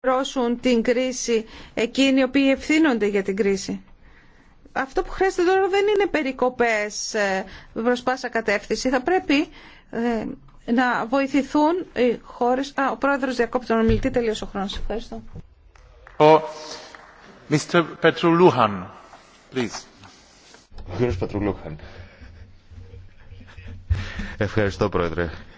πληρώσουν την κρίση εκείνοι οι οποίοι ευθύνονται για την κρίση. Αυτό που χρειάζεται τώρα δεν είναι περικοπές ε, προς πάσα κατεύθυνση. Θα πρέπει ε, να βοηθηθούν οι χώρες... Α, ο πρόεδρος διακόπτει τον ομιλητή, τελείωσε ο χρόνος. Ευχαριστώ. Ο Mr. please. Ο κύριος Πετρουλούχαν. Ευχαριστώ, πρόεδρε.